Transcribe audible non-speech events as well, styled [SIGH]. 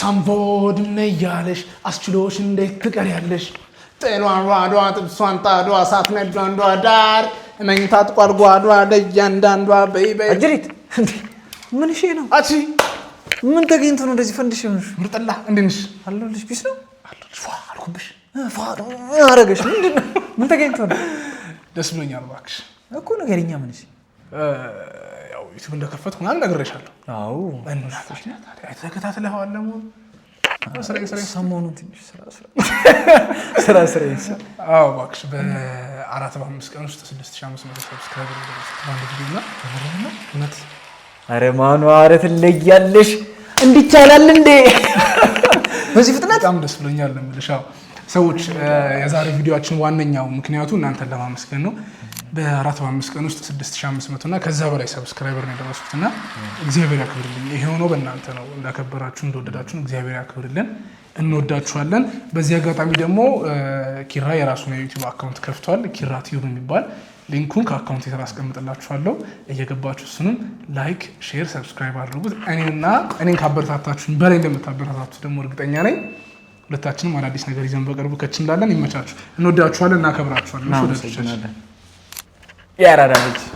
ሳምቦድሜ እያለሽ አስችሎሽ እንዴት ያለሽ ጤኗን ሯዷ ጥብሷን ጣዷ ሳትነዷ አንዷ ዳር መኝታ ቋድጓዷ ለእያንዳንዷ በይበይ አጅሪት ምን ሽ ነው አቺ ምን ተገኝቶ ነው እንደዚህ ፈንድሽ ሆንሽ? ምርጥላ እንድንሽ አለልሽ ቢስ ነው አለልሽ አልኩብሽ አረገሽ ምንድን ምን ተገኝቶ ነው? ደስ ብሎኛል እባክሽ እኮ ነገርኛ ምንሽ ዩቲዩብ እንደከፈትኩ ምናምን ነግሬሻለሁ። ተከታትለኸዋል። ሰሞኑን ትንሽ ስራ ስራ [LAUGHS] እባክሽ በአራት በአምስት ቀን ውስጥ ስድስት ሺህ አምስት መቶ ሰብስክራይበር እውነት። ኧረ ኧረ ትለያለሽ። እንዲቻላል እንዴ [LAUGHS] በዚህ ፍጥነት? በጣም ደስ ብሎኛል። ሰዎች የዛሬ ቪዲዮችን ዋነኛው ምክንያቱ እናንተን ለማመስገን ነው። በአራት አምስት ቀን ውስጥ 6500 እና ከዛ በላይ ሰብስክራይበር ነው የደረሱት እና እግዚአብሔር ያክብርልን። ይሄ ሆኖ በእናንተ ነው። እንዳከበራችሁ እንደወደዳችሁ እግዚአብሔር ያክብርልን። እንወዳችኋለን። በዚህ አጋጣሚ ደግሞ ኪራ የራሱን የዩቲዩብ አካውንት ከፍቷል። ኪራ ቲዩብ የሚባል ሊንኩን ከአካውንት የተራ አስቀምጥላችኋለሁ። እየገባችሁ እሱንም ላይክ፣ ሼር፣ ሰብስክራይብ አድርጉት። እኔና እኔን ካበረታታችሁን በላይ እንደምታበረታታችሁ ደግሞ እርግጠኛ ነኝ። ሁለታችንም አዳዲስ ነገር ይዘን በቅርቡ ከች እንላለን። ይመቻችሁ። እንወዳችኋለን፣ እናከብራችኋለን። E era, Rabbit.